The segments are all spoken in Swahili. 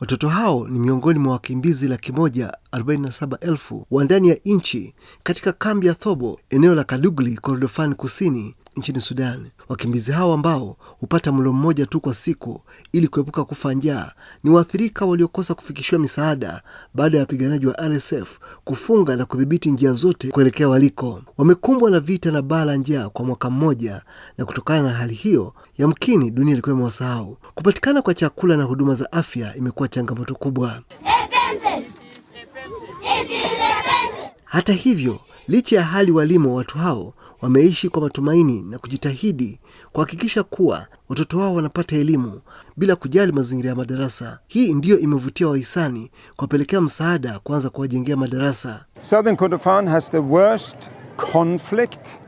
Watoto hao ni miongoni mwa wakimbizi laki moja arobaini na saba elfu wa ndani ya nchi katika kambi ya Thobo eneo la Kadugli kordofan kusini nchini sudan Wakimbizi hao ambao hupata mlo mmoja tu kwa siku ili kuepuka kufa njaa ni waathirika waliokosa kufikishiwa misaada baada ya wapiganaji wa RSF kufunga na kudhibiti njia zote kuelekea waliko. Wamekumbwa na vita na baa la njaa kwa mwaka mmoja, na kutokana na hali hiyo, yamkini dunia ilikuwa imewasahau. Kupatikana kwa chakula na huduma za afya imekuwa changamoto kubwa. Hata hivyo, licha ya hali walimo, watu hao wameishi kwa matumaini na kujitahidi kuhakikisha kuwa watoto wao wanapata elimu bila kujali mazingira ya madarasa. Hii ndiyo imevutia wahisani kuwapelekea msaada kuanza kuwajengea madarasa. Southern Kordofan has the worst conflict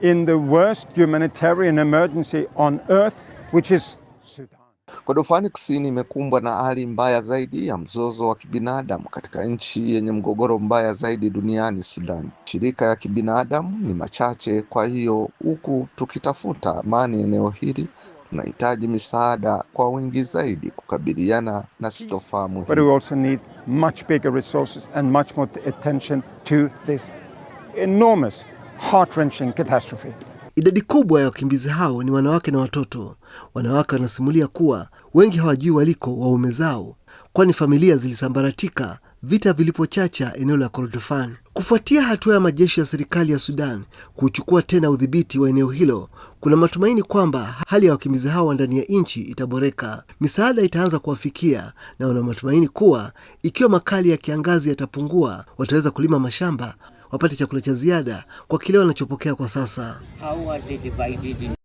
in the worst humanitarian emergency on earth which is Sudan. Kordofani Kusini imekumbwa na hali mbaya zaidi ya mzozo wa kibinadamu katika nchi yenye mgogoro mbaya zaidi duniani, Sudan. Shirika ya kibinadamu ni machache, kwa hiyo huku tukitafuta amani eneo hili tunahitaji misaada kwa wingi zaidi kukabiliana na sitofahamu. But we also need much bigger resources and much more attention to this enormous heart-wrenching catastrophe. Idadi kubwa ya wakimbizi hao ni wanawake na watoto. Wanawake wanasimulia kuwa wengi hawajui waliko waume zao, kwani familia zilisambaratika vita vilipochacha eneo la Kordofan. Kufuatia hatua ya majeshi ya serikali ya Sudan kuchukua tena udhibiti wa eneo hilo, kuna matumaini kwamba hali ya wakimbizi hao ndani ya nchi itaboreka, misaada itaanza kuwafikia, na wana matumaini kuwa ikiwa makali ya kiangazi yatapungua, wataweza kulima mashamba wapate chakula cha ziada kwa kile wanachopokea kwa sasa. How are they divided in